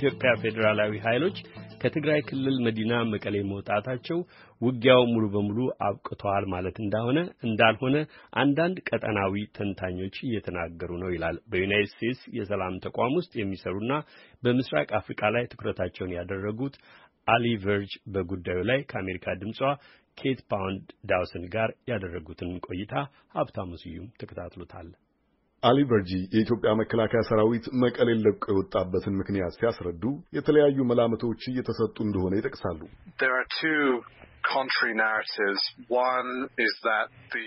የኢትዮጵያ ፌዴራላዊ ኃይሎች ከትግራይ ክልል መዲና መቀሌ መውጣታቸው ውጊያው ሙሉ በሙሉ አብቅተዋል ማለት እንዳሆነ እንዳልሆነ አንዳንድ ቀጠናዊ ተንታኞች እየተናገሩ ነው ይላል። በዩናይትድ ስቴትስ የሰላም ተቋም ውስጥ የሚሰሩና በምስራቅ አፍሪካ ላይ ትኩረታቸውን ያደረጉት አሊ ቨርጅ በጉዳዩ ላይ ከአሜሪካ ድምጿ ኬት ፓውንድ ዳውሰን ጋር ያደረጉትን ቆይታ ሀብታሙ ስዩም ተከታትሎታል። አሊ በርጂ የኢትዮጵያ መከላከያ ሰራዊት መቀሌን ለቆ የወጣበትን ምክንያት ሲያስረዱ የተለያዩ መላምቶች እየተሰጡ እንደሆነ ይጠቅሳሉ።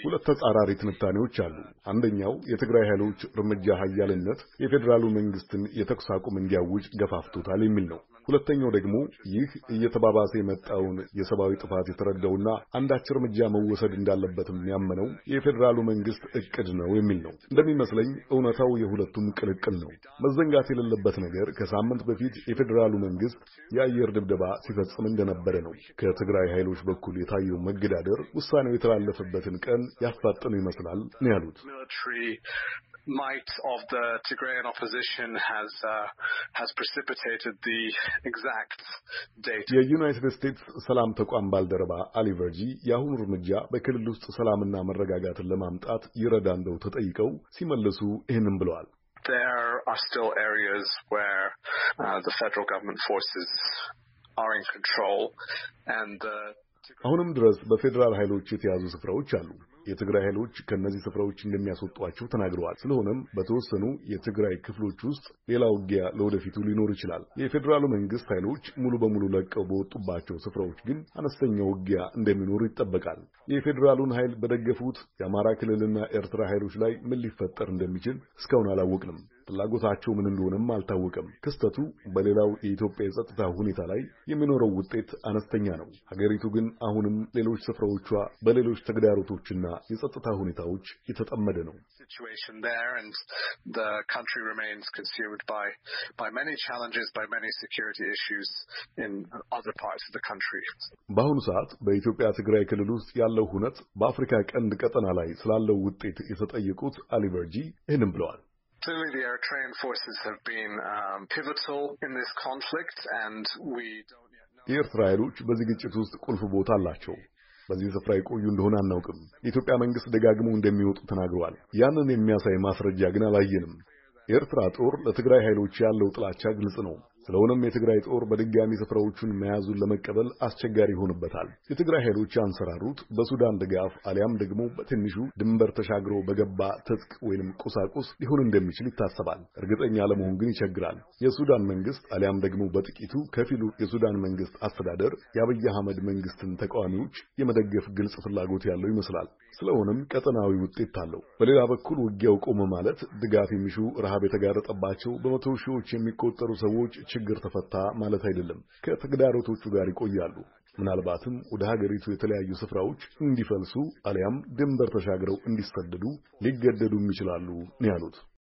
ሁለት ተጻራሪ ትንታኔዎች አሉ። አንደኛው የትግራይ ኃይሎች እርምጃ ሀያልነት የፌዴራሉ መንግስትን የተኩስ አቁም እንዲያውጅ ገፋፍቶታል የሚል ነው። ሁለተኛው ደግሞ ይህ እየተባባሰ የመጣውን የሰብአዊ ጥፋት የተረዳውና አንዳች እርምጃ መወሰድ እንዳለበትም ያመነው የፌዴራሉ መንግስት እቅድ ነው የሚል ነው። እንደሚመስለኝ እውነታው የሁለቱም ቅልቅል ነው። መዘንጋት የሌለበት ነገር ከሳምንት በፊት የፌዴራሉ መንግስት የአየር ድብደባ ሲፈጽም እንደነበረ ነው። ከትግራይ ኃይሎች በኩል የታየው መገዳደር ውሳኔው የተላለፈበትን ቀን ያፋጠነው ይመስላል ነው ያሉት። uh, የዩናይትድ ስቴትስ ሰላም ተቋም ባልደረባ አሊቨርጂ የአሁኑ እርምጃ በክልል ውስጥ ሰላምና መረጋጋትን ለማምጣት ይረዳ እንደው ተጠይቀው ሲመለሱ ይህንን ብለዋል። There are still areas where uh, the federal government forces are in control and uh አሁንም ድረስ በፌዴራል ኃይሎች የተያዙ ስፍራዎች አሉ። የትግራይ ኃይሎች ከእነዚህ ስፍራዎች እንደሚያስወጧቸው ተናግረዋል። ስለሆነም በተወሰኑ የትግራይ ክፍሎች ውስጥ ሌላ ውጊያ ለወደፊቱ ሊኖር ይችላል። የፌዴራሉ መንግስት ኃይሎች ሙሉ በሙሉ ለቀው በወጡባቸው ስፍራዎች ግን አነስተኛ ውጊያ እንደሚኖር ይጠበቃል። የፌዴራሉን ኃይል በደገፉት የአማራ ክልልና ኤርትራ ኃይሎች ላይ ምን ሊፈጠር እንደሚችል እስካሁን አላወቅንም። ፍላጎታቸው ምን እንደሆነም አልታወቀም። ክስተቱ በሌላው የኢትዮጵያ የጸጥታ ሁኔታ ላይ የሚኖረው ውጤት አነስተኛ ነው። ሀገሪቱ ግን አሁንም ሌሎች ስፍራዎቿ በሌሎች ተግዳሮቶችና የጸጥታ ሁኔታዎች የተጠመደ ነው። በአሁኑ ሰዓት በኢትዮጵያ ትግራይ ክልል ውስጥ ያለው ሁነት በአፍሪካ ቀንድ ቀጠና ላይ ስላለው ውጤት የተጠየቁት አሊበርጂ ይህንም ብለዋል። Clearly, the Eritrean forces have been um, pivotal in this conflict, and we don't yet know. የኤርትራ ኃይሎች በዚህ ግጭት ውስጥ ቁልፍ በዚህ ስፍራ የቆዩ እንደሆነ አናውቅም። የኢትዮጵያ መንግስት ደጋግሞ እንደሚወጡ ተናግረዋል። ያንን የሚያሳይ ማስረጃ ግን አላየንም። የኤርትራ ጦር ለትግራይ ኃይሎች ያለው ጥላቻ ግልጽ ነው። ስለሆነም የትግራይ ጦር በድጋሚ ስፍራዎቹን መያዙን ለመቀበል አስቸጋሪ ይሆንበታል። የትግራይ ኃይሎች ያንሰራሩት በሱዳን ድጋፍ አሊያም ደግሞ በትንሹ ድንበር ተሻግሮ በገባ ትጥቅ ወይንም ቁሳቁስ ሊሆን እንደሚችል ይታሰባል። እርግጠኛ ለመሆን ግን ይቸግራል። የሱዳን መንግስት አሊያም ደግሞ በጥቂቱ ከፊሉ የሱዳን መንግስት አስተዳደር የአብይ አህመድ መንግስትን ተቃዋሚዎች የመደገፍ ግልጽ ፍላጎት ያለው ይመስላል። ስለሆነም ቀጠናዊ ውጤት አለው። በሌላ በኩል ውጊያው ቆመ ማለት ድጋፍ የሚሹ ረሃብ የተጋረጠባቸው በመቶ ሺዎች የሚቆጠሩ ሰዎች ችግር ተፈታ ማለት አይደለም። ከተግዳሮቶቹ ጋር ይቆያሉ። ምናልባትም ወደ ሀገሪቱ የተለያዩ ስፍራዎች እንዲፈልሱ አሊያም ድንበር ተሻግረው እንዲሰደዱ ሊገደዱም ይችላሉ ነው ያሉት።